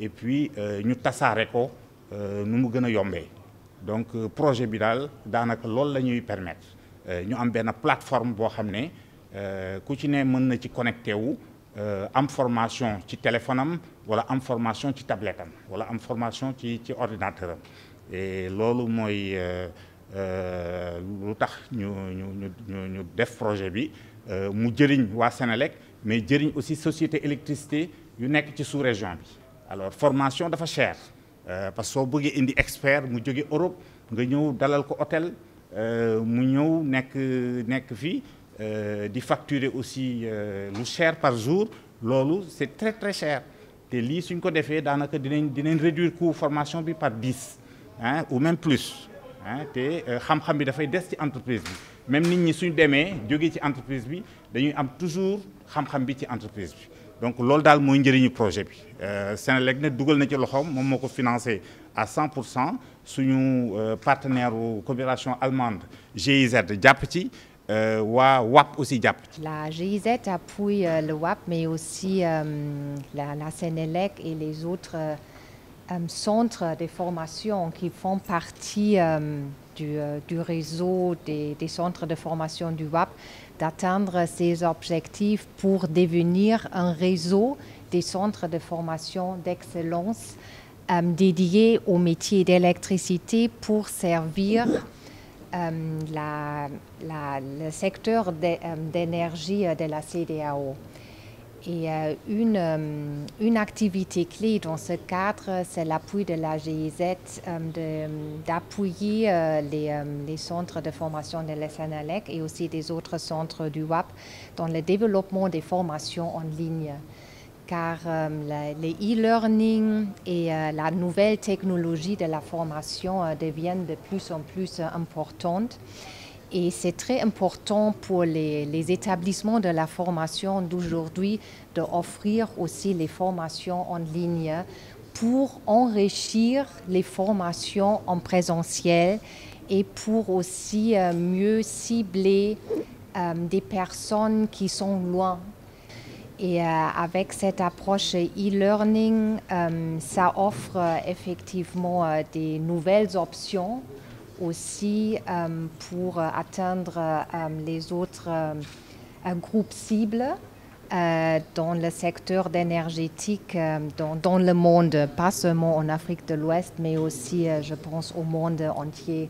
et puis euh, ñu tasaare ko euh, nu mu gën a donc euh, projet bi dans daanaka loolu la ñuy permettre ñu am benn plateforme boo xam ne ku ci ne mën na ci connecté wu am formation ci téléphone am wala am formation ci tablette am wala am formation ci ci ordinateur et loolu mooy lu tax ñu ñu ñu ñu def projet bi mu jëriñ wa Sénélec mais jëriñ aussi société électricité yu nekk ci sous-région bi alors formation dafa cher euh, parce que vous êtes indi expert mu en Europe nga êtes dans ko hôtel euh, mu ñëw nekk vie, fii euh, di facturer aussi lu cher par jour c'est très très cher là, si suñ ko fait, vous avez réduit réduire coût formation par 10, hein ou même plus hein te xam-xam bi dafay des entreprises. même si ñi suñ fait des ci entreprise bi dañuy toujours xam-xam bi entreprise donc l'ol dal que nous projet bi euh, Senelec nag duggal na ci loxom mom à 100 sous nos partenaires partenaire coopérations coopération allemande GIZ japp ci euh, WAP aussi la GIZ appuie euh, le WAP mais aussi la la Senelec et les autres centres de formation qui font partie du réseau des centres de formation du WAP d'atteindre ces objectifs pour devenir un réseau des centres de formation d'excellence euh, dédiés au métier d'électricité pour servir euh, le secteur euh, d'énergie de la CDAO. Et euh, une, euh, une, activité clé dans ce cadre, c'est l'appui de la GIZ euh, d'appuyer les, centres de formation de l'SNLEC e et aussi des autres centres du WAP dans le développement des formations en ligne. Car les e-learning et la nouvelle technologie de la formation deviennent de plus en plus importantes. Et c'est très important pour les, établissements de la formation d'aujourd'hui d'offrir aussi les formations en ligne pour enrichir les formations en présentiel et pour aussi euh, mieux cibler euh, des personnes qui sont loin. Et euh, avec cette approche e-learning, ça offre effectivement des nouvelles options aussi euh, pour atteindre euh, les autres euh, groupes cibles dans le secteur énergétique dans, dans, le monde, pas seulement en Afrique de l'Ouest, mais aussi, je pense, au monde entier.